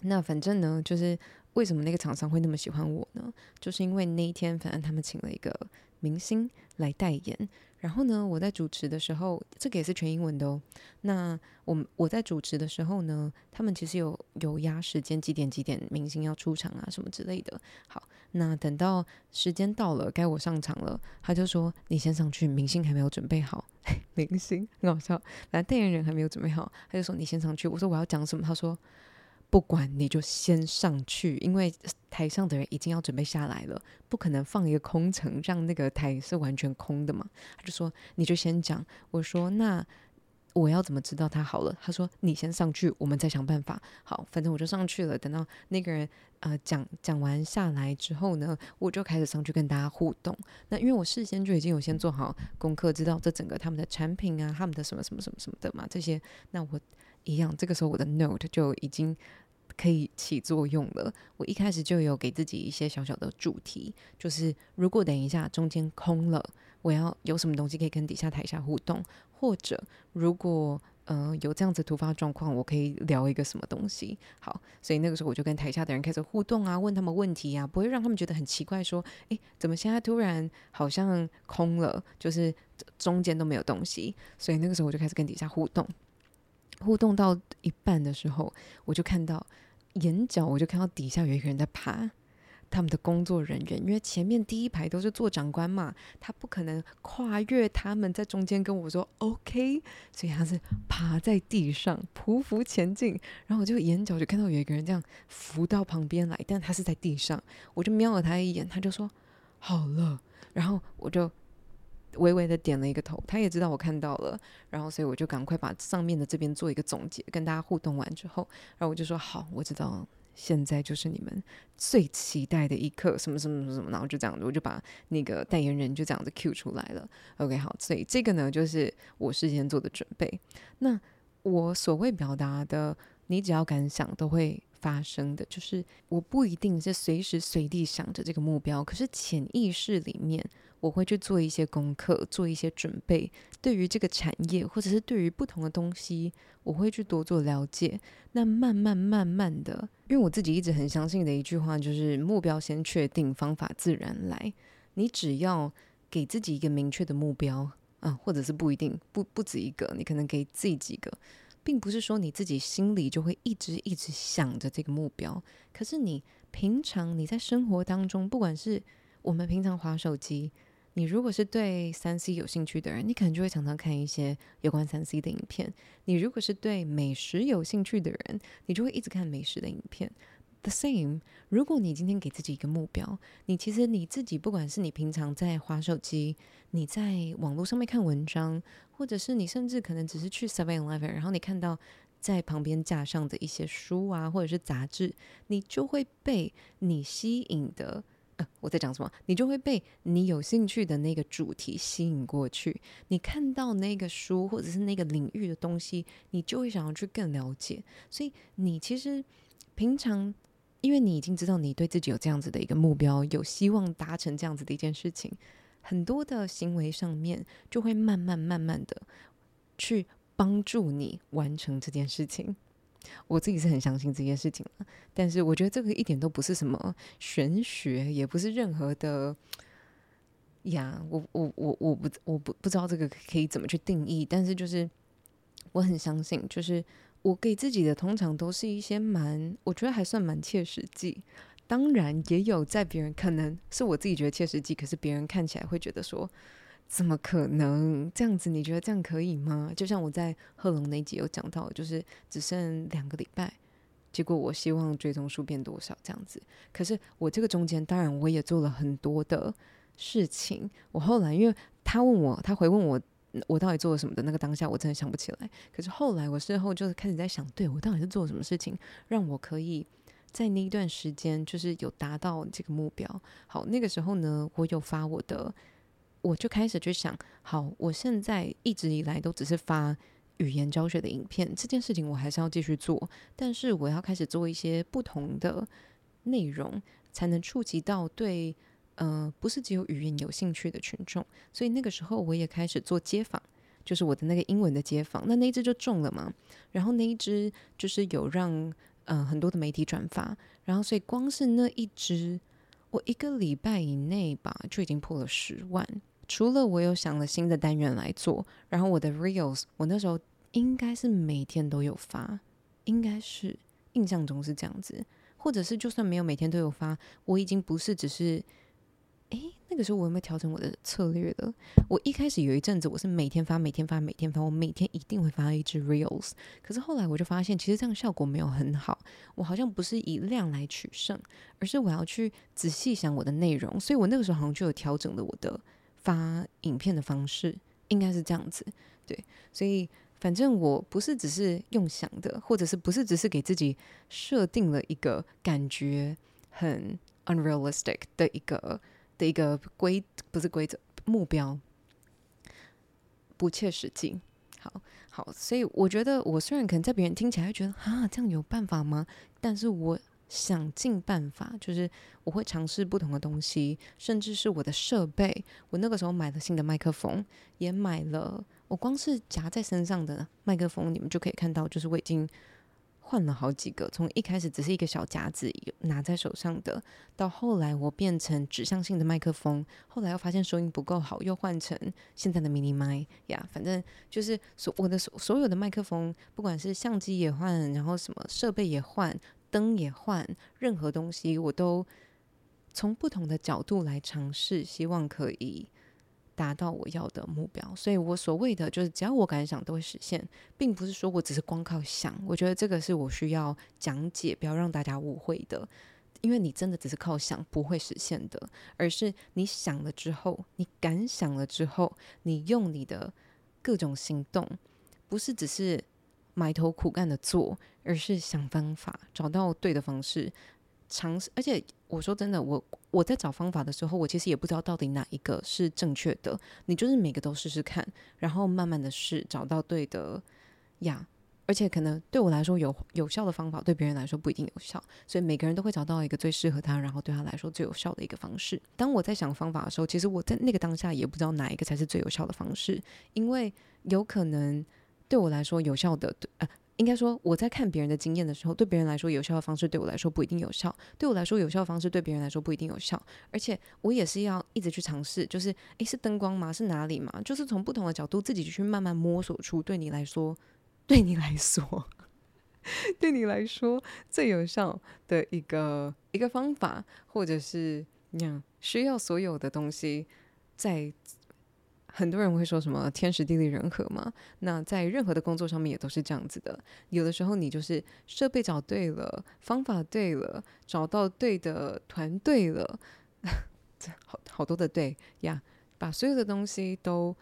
那反正呢，就是為什麼那個廠商會那麼喜歡我呢？就是因為那一天，反正他們請了一個明星來代言。然後呢，我在主持的時候，這個也是全英文的哦。那我我在主持的時候呢，他們其實有有壓時間，幾點幾點明星要出場啊什麼之類的。好，那等到時間到了，該我上場了，他就說：“你先上去，明星還沒有準備好。 *laughs* ”明星，很搞笑，來代言人還沒有準備好，他就說：“你先上去。”我說：“我要講什麼？”他說。不管你就先上去，因為台上的人已經要準備下來了，不可能放一個空層，讓那個台是完全空的嘛。他就說，你就先講。我說，那我要怎麼知道他好了？他說，你先上去，我們再想辦法。好，反正我就上去了。等到那個人啊、呃、講講完下來之後呢，我就開始上去跟大家互動。那因為我事先就已經有先做好功課，知道這整個他們的產品啊，他們的什麼什麼什麼什麼的嘛，這些，那我。一樣，這個時候我的 note 就已經可以起作用了。我一開始就有給自己一些小小的主題，就是如果等一下中間空了，我要有什麼東西可以跟底下台下互動，或者如果呃有這樣子突發狀況，我可以聊一個什麼東西。好，所以那個時候我就跟台下的人開始互動啊，問他們問題啊，不會讓他們覺得很奇怪說，欸怎麼現在突然好像空了，就是中間都沒有東西。所以那個時候我就開始跟底下互動。互動到一半的時候，我就看到眼角，我就看到底下有一個人在爬。他們的工作人員，因為前面第一排都是做長官嘛，他不可能跨越他們在中間跟我說 OK，所以他是爬在地上匍匐前進。然後我就眼角就看到有一個人這樣扶到旁邊來，但他是在地上，我就瞄了他一眼，他就說好了，然後我就。微微的點了一個頭，他也知道我看到了，然後所以我就趕快把上面的這邊做一個總結，跟大家互動完之後，然後我就說好，我知道，現在就是你們最期待的一刻，什麼什麼什麼什麼，然後就這樣子，我就把那個代言人就這樣子 Q 出來了。OK，好，所以這個呢就是我事先做的準備。那我所謂表達的，你只要敢想都會發生的，就是我不一定是隨時隨地想着這個目標，可是潛意識裡面。我會去做一些功課，做一些準備。對於這個產業，或者是對於不同的東西，我會去多做了解。那慢慢慢慢的，因為我自己一直很相信的一句話就是：目標先確定，方法自然來。你只要給自己一個明確的目標，啊，或者是不一定，不不止一個，你可能給自己幾個，並不是說你自己心裡就會一直一直想着這個目標。可是你平常你在生活當中，不管是我們平常滑手機，你如果是對三 C 有興趣的人，你可能就會常常看一些有關三 C 的影片你如果是對美食有興趣的人，你就會一直看美食的影片。The same。如果你今天給自己一個目標，你其實你自己不管是你平常在滑手機，你在網絡上面看文章，或者是你甚至可能只是去7-11，然後你看到在旁邊架上的一些書啊，或者是雜誌，你就會被你吸引的。呃，我在講什麼，你就會被你有興趣的那個主題吸引過去。你看到那個書或者是那個領域的東西，你就會想要去更了解。所以你其實平常，因為你已經知道你對自己有這樣子的一個目標，有希望達成這樣子的一件事情，很多的行為上面就會慢慢慢慢的去幫助你完成這件事情。我自己是很相信這件事情的，但是我覺得這個一點都不是什麼玄學，也不是任何的呀。我我我我不我不不知道這個可以怎麼去定義，但是就是我很相信，就是我給自己的通常都是一些蠻我覺得還算蠻切實際。當然也有在別人可能是我自己覺得切實際，可是別人看起來會覺得說。怎麼可能這樣子？你覺得這樣可以嗎？就像我在賀龍那集有講到，就是只剩兩個禮拜，結果我希望追蹤數變多少這樣子。可是我這個中間，當然我也做了很多的事情。我後來因為他問我，他回問我，我到底做了什麼的那個當下，我真的想不起來。可是後來我事後就開始在想，對我到底是做什麼事情，讓我可以在那一段時間就是有達到這個目標。好，那個時候呢，我有發我的。我就開始去想，好，我現在一直以來都只是發語言教學的影片，這件事情我還是要繼續做，但是我要開始做一些不同的內容，才能觸及到對，呃，不是只有語言有興趣的群眾。所以那個時候我也開始做街訪，就是我的那個英文的街訪，那那一只就中了嘛，然後那一只就是有讓呃很多的媒體轉發，然後所以光是那一只，我一個禮拜以內吧就已經破了十萬。除了我有想了新的單元來做，然後我的 reels，我那時候應該是每天都有發，應該是印象中是這樣子，或者是就算沒有每天都有發，我已經不是只是，哎，那個時候我有沒有調整我的策略的？我一開始有一陣子我是每天發，每天發，每天發，我每天一定會發一支 reels，可是後來我就發現，其實這樣效果沒有很好，我好像不是以量來取勝，而是我要去仔細想我的內容，所以我那個時候好像就有調整了我的。發影片的方式應該是這樣子，對，所以反正我不是只是用想的，或者是不是只是給自己設定了一個感覺很 unrealistic 的一個的一個規，不是規則，目標，不切實際。好好，所以我覺得我雖然可能在別人聽起來會覺得啊，這樣有辦法嗎？但是我。想盡辦法，就是我會嘗試不同的東西，甚至是我的設備。我那個時候買了新的麥克風，也買了我光是夾在身上的麥克風，你們就可以看到，就是我已經換了好幾個。從一開始只是一個小夾子拿在手上的，到後來我變成指向性的麥克風，後來又發現收音不夠好，又換成現在的迷你麥呀。Yeah, 反正就是所我的所所有的麥克風，不管是相機也換，然後什麼設備也換。燈也換，任何東西我都從不同的角度來嘗試，希望可以達到我要的目標。所以我所謂的就是，只要我敢想，都會實現，並不是說我只是光靠想。我覺得這個是我需要講解，不要讓大家誤會的，因為你真的只是靠想不會實現的，而是你想了之後，你敢想了之後，你用你的各種行動，不是只是。埋頭苦幹的做，而是想方法找到對的方式嘗試。而且我說真的，我我在找方法的時候，我其實也不知道到底哪一個是正確的。你就是每個都試試看，然後慢慢的試，找到對的呀。而且可能對我來說有有效的方法，對別人來說不一定有效。所以每個人都會找到一個最適合他，然後對他來說最有效的一個方式。當我在想方法的時候，其實我在那個當下也不知道哪一個才是最有效的方式，因為有可能。對我來說有效的，對、呃、啊，應該說我在看別人的經驗的時候，對別人來說有效的方式，對我來說不一定有效；對我來說有效的方式，對別人來說不一定有效。而且我也是要一直去嘗試，就是誒，是燈光嗎？是哪裡嗎？就是從不同的角度自己去慢慢摸索出對你來說，對你來說， *laughs* *laughs* 對你來說最有效的一個一個方法，或者是那樣需要所有的東西在。很多人會說什麼“天時地利人和”嘛。那在任何的工作上面也都是這樣子的。有的時候你就是設備找對了，方法對了，找到對的團隊了， *laughs* 好好多的對呀，yeah, 把所有的東西都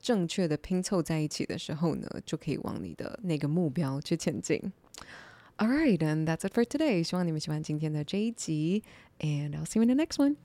正確的拼湊在一起的時候呢，就可以往你的那個目標去前進。All right, and that's it for today. 希望你們喜歡今天的這一集，and I'll see you in the next one.